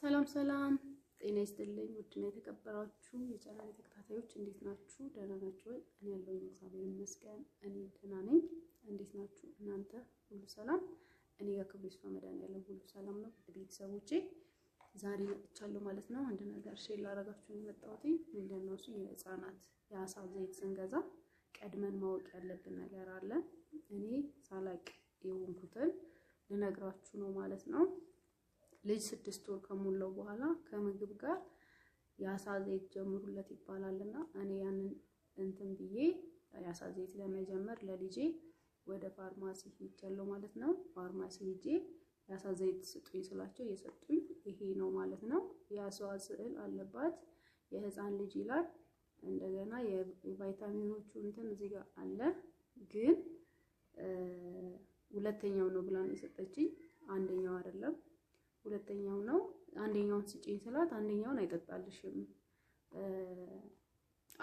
ሰላም ሰላም፣ ጤና ይስጥልኝ። ውድና የተከበራችሁ የቻናል ተከታታዮች እንዴት ናችሁ? ደህና ናችሁ ወይ? እኔ ያለሁኝ እግዚአብሔር ይመስገን፣ እኔ ደህና ነኝ። እንዴት ናችሁ እናንተ? ሁሉ ሰላም? እኔ ጋር ክብሩ ይስፋ መድኃኒዓለም ሁሉ ሰላም ነው። ቤተሰቦቼ ዛሬ መጥቻለሁ ማለት ነው። አንድ ነገር ሼር ላደርጋችሁ የመጣሁት። ምንድን ነው እሱ? የህፃናት የአሳ ዘይት ስንገዛ ቀድመን ማወቅ ያለብን ነገር አለ። እኔ ሳላቅ የሆንኩትን ልነግራችሁ ነው ማለት ነው። ልጅ ስድስት ወር ከሞላው በኋላ ከምግብ ጋር የአሳ ዘይት ጀምሩለት ይባላል እና እኔ ያንን እንትን ብዬ የአሳ ዘይት ለመጀመር ለልጄ ወደ ፋርማሲ ሄጃለሁ ማለት ነው። ፋርማሲ ሄጄ የአሳ ዘይት ስጡኝ ስላቸው እየሰጡኝ ይሄ ነው ማለት ነው። የአሳ ስዕል አለባት የህፃን ልጅ ይላል። እንደገና የቫይታሚኖቹ እንትን እዚህ ጋር አለ ግን ሁለተኛው ነው ብላ ነው የሰጠችኝ። አንደኛው አይደለም። ሁለተኛው ነው። አንደኛውን ስጭኝ ስላት አንደኛውን አይጠጣልሽም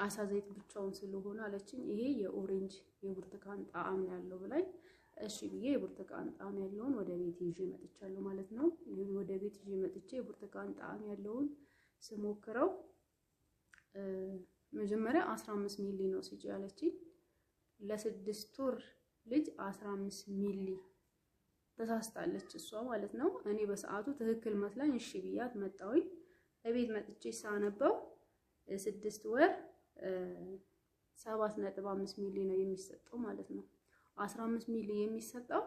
አሳ ዘይት ብቻውን ስለሆነ አለችኝ። ይሄ የኦሬንጅ የብርቱካን ጣዕም ያለው ብላኝ እሺ ብዬ የብርቱካን ጣዕም ያለውን ወደ ቤት ይዤ መጥቻለሁ ማለት ነው። ወደ ቤት ይዤ መጥቼ የብርቱካን ጣዕም ያለውን ስሞክረው መጀመሪያ 15 ሚሊ ነው ስጪ አለችኝ። ለስድስት ወር ልጅ 15 ሚሊ ተሳስታለች እሷ ማለት ነው። እኔ በሰዓቱ ትክክል መስላኝ እሺ ብያት መጣሁኝ። እቤት መጥቼ ሳነበው ስድስት ወር ሰባት ነጥብ አምስት ሚሊ ነው የሚሰጠው ማለት ነው። አስራ አምስት ሚሊ የሚሰጠው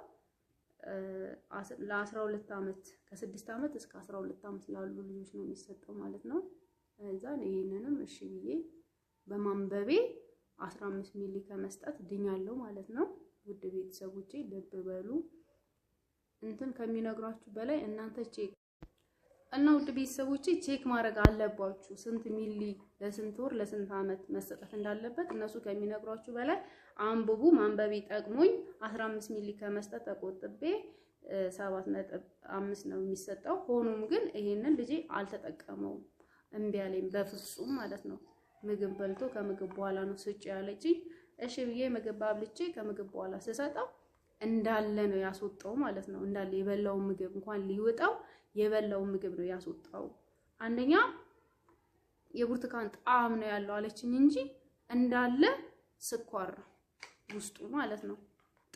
ለአስራ ሁለት ዓመት ከስድስት ዓመት እስከ አስራ ሁለት ዓመት ላሉ ልጆች ነው የሚሰጠው ማለት ነው። እዛ ይህንንም እሺ ብዬ በማንበቤ አስራ አምስት ሚሊ ከመስጠት ድኛለሁ ማለት ነው። ውድ ቤተሰቦቼ ልብ በሉ። እንትን ከሚነግሯችሁ በላይ እናንተ ቼክ እና ውድ ቤተሰቦች ቼክ ማድረግ አለባችሁ። ስንት ሚሊ ለስንት ወር ለስንት ዓመት መሰጠት እንዳለበት እነሱ ከሚነግሯችሁ በላይ አንብቡ። ማንበብ ጠቅሞኝ 15 ሚሊ ከመስጠት ተቆጥቤ 7.5 ነው የሚሰጠው። ሆኖም ግን ይሄንን ልጄ አልተጠቀመውም፣ እምቢ አለኝ በፍጹም ማለት ነው። ምግብ በልቶ ከምግብ በኋላ ነው ስጭ ያለችኝ። እሺ ብዬ ምግብ አብልቼ ከምግብ በኋላ ስሰጠው እንዳለ ነው ያስወጣው ማለት ነው። እንዳለ የበላውን ምግብ እንኳን ሊወጣው የበላውን ምግብ ነው ያስወጣው። አንደኛ የብርቱካን ጣዕም ነው ያለው አለችኝ እንጂ እንዳለ ስኳር ነው ውስጡ ማለት ነው።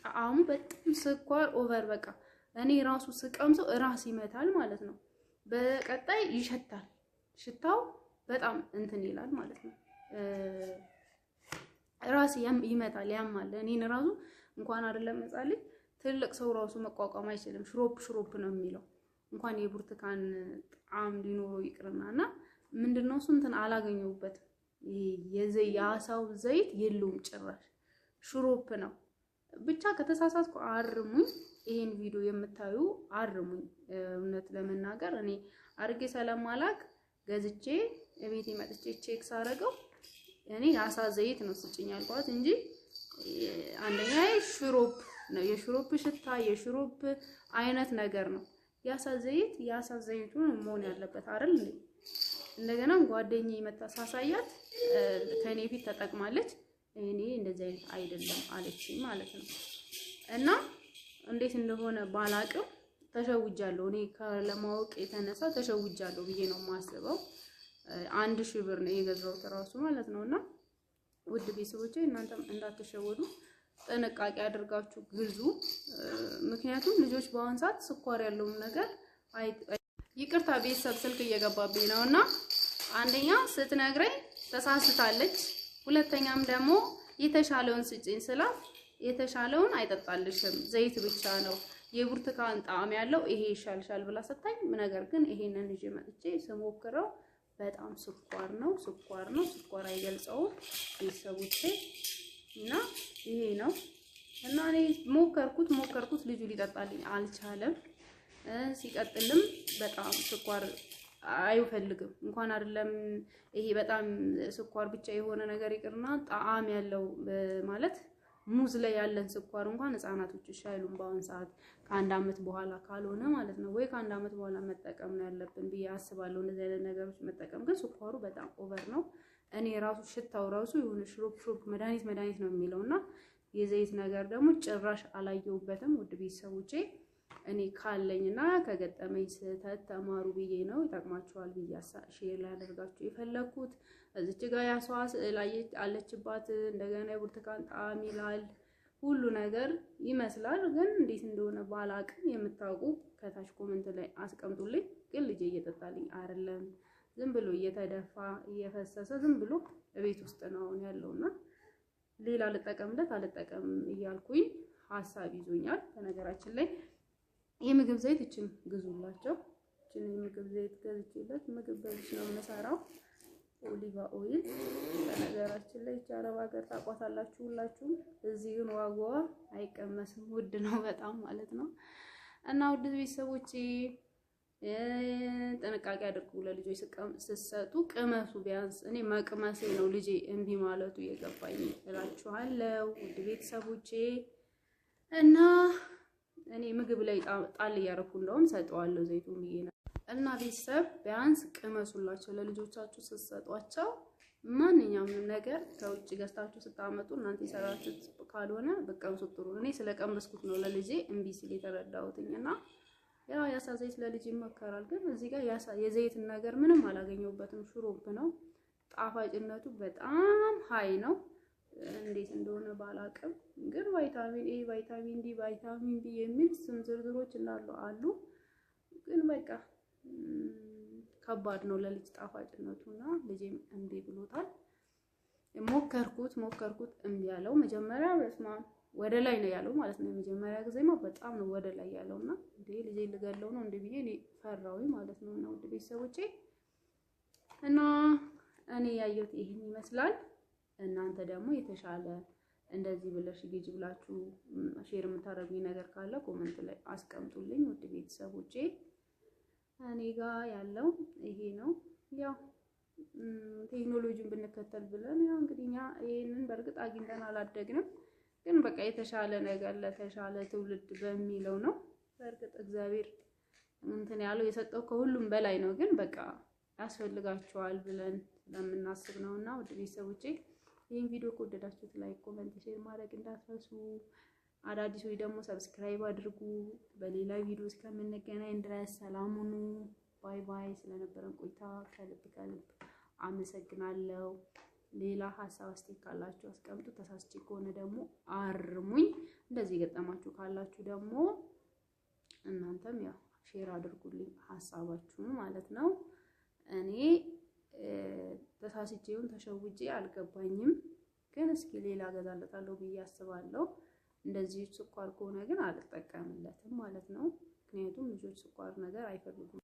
ጣዕሙ በጣም ስኳር ኦቨር፣ በቃ እኔ ራሱ ስቀምሰው ራስ ይመታል ማለት ነው። በቀጣይ ይሸታል፣ ሽታው በጣም እንትን ይላል ማለት ነው። ራስ ይመታል፣ ያማል እኔን ራሱ እንኳን አይደለም ህፃን ልጅ ትልቅ ሰው ራሱ መቋቋም አይችልም። ሽሮፕ ሽሮፕ ነው የሚለው እንኳን የብርቱካን ጣዕም ሊኖረው ይቅርና እና ምንድነው እሱ እንትን አላገኘሁበትም። የአሳው ዘይት የለውም ጭራሽ ሽሮፕ ነው። ብቻ ከተሳሳትኩ አርሙኝ። ይሄን ቪዲዮ የምታዩ አርሙኝ። እውነት ለመናገር እኔ አርጌ ስለማላክ ገዝቼ ቤቴ መጥቼ ቼክ ሳረገው እኔ የአሳ ዘይት ነው ስጭኝ አልኳት እንጂ አንደኛ ሽሮፕ ነው፣ የሽሮፕ ሽታ የሽሮፕ አይነት ነገር ነው። የአሳ ዘይት የአሳ ዘይቱ መሆን ያለበት አይደል? እንደገና ጓደኛ መታ ሳሳያት ከኔ ፊት ተጠቅማለች። እኔ እንደዚህ አይነት አይደለም አለች ማለት ነው። እና እንዴት እንደሆነ ባላቅም ተሸውጃለሁ። እኔ ከለማወቅ የተነሳ ተሸውጃለሁ ብዬ ነው የማስበው። አንድ ሺህ ብር ነው የገዛሁት ራሱ ማለት ነውና ውድ ቤተሰቦቼ እናንተም እንዳትሸወዱ ጥንቃቄ አድርጋችሁ ግዙ። ምክንያቱም ልጆች በአሁን ሰዓት ስኳር ያለውን ነገር ይቅርታ፣ ቤተሰብ ስልክ እየገባብኝ ነው እና አንደኛ ስትነግረኝ ተሳስታለች፣ ሁለተኛም ደግሞ የተሻለውን ስጭኝ ስላት የተሻለውን አይጠጣልሽም ዘይት ብቻ ነው የብርቱካን ጣዕም ያለው ይሄ ይሻልሻል ብላ ሰታኝ፣ ነገር ግን ይሄንን ልጅ መጥቼ ስሞክረው በጣም ስኳር ነው ስኳር ነው ስኳር አይገልጸውም ቤተሰቦቼ። እና ይሄ ነው እና እኔ ሞከርኩት ሞከርኩት ልጁ ሊጠጣልኝ አልቻለም። ሲቀጥልም በጣም ስኳር አይፈልግም። እንኳን አይደለም ይሄ በጣም ስኳር ብቻ የሆነ ነገር ይቅርና ጣዕም ያለው ማለት ሙዝ ላይ ያለን ስኳር እንኳን ህጻናቶች እሺ አይሉም። በአሁን ሰዓት ከአንድ አመት በኋላ ካልሆነ ማለት ነው ወይ ከአንድ አመት በኋላ መጠቀም ነው ያለብን ብዬ አስባለሁ። እንደዚህ አይነት ነገሮች መጠቀም ግን ስኳሩ በጣም ኦቨር ነው። እኔ ራሱ ሽታው ራሱ የሆነ ሽሮፕ ሽሮፕ መድኃኒት መድኃኒት ነው የሚለው እና የዘይት ነገር ደግሞ ጭራሽ አላየውበትም ውድ ቤተሰቦቼ እኔ ካለኝና ከገጠመኝ ስህተት ተማሩ ብዬ ነው። ይጠቅማችኋል ብዬ ሼር ላያደርጋችሁ የፈለግኩት እዚች ጋር ያሰዋ ስዕል አለችባት። እንደገና የብርቱካን ጣዕም ይላል ሁሉ ነገር ይመስላል። ግን እንዴት እንደሆነ ባላቅም የምታውቁ ከታች ኮመንት ላይ አስቀምጡልኝ። ግን ልጄ እየጠጣልኝ አይደለም፣ ዝም ብሎ እየተደፋ እየፈሰሰ ዝም ብሎ ቤት ውስጥ ነው አሁን ያለውና ሌላ ልጠቀምለት አልጠቀምም እያልኩኝ ሀሳብ ይዞኛል በነገራችን ላይ የምግብ ዘይት እችን ግዙላቸው። እችን የምግብ ዘይት ገዝቼለት ምግብ ገዝቼ ነው የምሰራው። ኦሊቫ ኦይል በነገራችን ላይ ይቺ አረብ ሀገር ታቋታላችሁ ሁላችሁም። እዚህ ግን ዋጋዋ አይቀመስም፣ ውድ ነው በጣም ማለት ነው። እና ውድ ቤተሰቦቼ ጥንቃቄ አድርጉ፣ ለልጆች ስትሰጡ ቅመሱ። ቢያንስ እኔ መቅመሴ ነው ልጄ እምቢ ማለቱ የገባኝ እላችኋለሁ ውድ ቤተሰቦቼ እና እኔ ምግብ ላይ ጣል እያደረኩ እንደውም ሰጠዋለሁ ዘይቱን ብዬ ነው። እና ቤተሰብ ቢያንስ ቅመሱላቸው ለልጆቻችሁ ስትሰጧቸው ማንኛውም ነገር ከውጭ ገዝታችሁ ስታመጡ እናንተ የሰራችሁት ካልሆነ ብትቀምሱት ጥሩ። እኔ ስለቀመስኩት ነው ለልጄ እምቢ ሲል የተረዳሁትኝ። እና ያው የአሳ ዘይት ለልጅ ይመከራል፣ ግን እዚህ ጋር የዘይትን ነገር ምንም አላገኘሁበትም። ሽሩብ ነው ጣፋጭነቱ በጣም ሀይ ነው። እንዴት እንደሆነ ባላቅም ግን ቫይታሚን ኤ፣ ቫይታሚን ዲ፣ ቫይታሚን ቢ የሚል ስም ዝርዝሮች እንዳሉ አሉ። ግን በቃ ከባድ ነው ለልጅ ጣፋጭነቱ እና ልጄም እምቢ ብሎታል። ሞከርኩት ሞከርኩት እምቢ ያለው መጀመሪያ በስማ ወደ ላይ ነው ያለው ማለት ነው። የመጀመሪያ ጊዜማ በጣም ነው ወደ ላይ ያለውና እንዴ ልጄ ልገለው ነው እንዴ ብዬ እኔ ፈራሁኝ ማለት ነው። እና ውድ ቤተሰቦቼ እና እኔ ያየሁት ይሄን ይመስላል። እናንተ ደግሞ የተሻለ እንደዚህ ብለሽ ግጅ ብላችሁ ሼር የምታደርጉኝ ነገር ካለ ኮመንት ላይ አስቀምጡልኝ። ውድ ቤተሰቦቼ እኔ ጋ ያለው ይሄ ነው። ያው ቴክኖሎጂን ብንከተል ብለን ያው እንግዲህ እኛ ይህንን በእርግጥ አግኝተን አላደግንም፣ ግን በቃ የተሻለ ነገር ለተሻለ ትውልድ በሚለው ነው። በእርግጥ እግዚአብሔር እንትን ያለው የሰጠው ከሁሉም በላይ ነው፣ ግን በቃ ያስፈልጋቸዋል ብለን ስለምናስብ ነው እና ውድ ቤተሰቦቼ ይህን ቪዲዮ ከወደዳችሁት ላይክ፣ ኮመንት፣ ሼር ማድረግ እንዳትረሱ። አዳዲሶች ደግሞ ሰብስክራይብ አድርጉ። በሌላ ቪዲዮ እስከምንገናኝ ድረስ ሰላም ሁኑ። ባይ ባይ። ስለነበረን ቆይታ ከልብ ከልብ አመሰግናለሁ። ሌላ ሀሳብ አስተያየት ካላችሁ አስቀምጡ። ተሳስቼ ከሆነ ደግሞ አርሙኝ። እንደዚህ የገጠማችሁ ካላችሁ ደግሞ እናንተም ያው ሼር አድርጉልኝ ሀሳባችሁን ማለት ነው እኔ ተሳስቼውን ተሸውጄ አልገባኝም፣ ግን እስኪ ሌላ ገዛለታለሁ ብዬ አስባለሁ። እንደዚህ ስኳር ከሆነ ግን አልጠቀምለትም ማለት ነው። ምክንያቱም ልጆች ስኳር ነገር አይፈልጉም።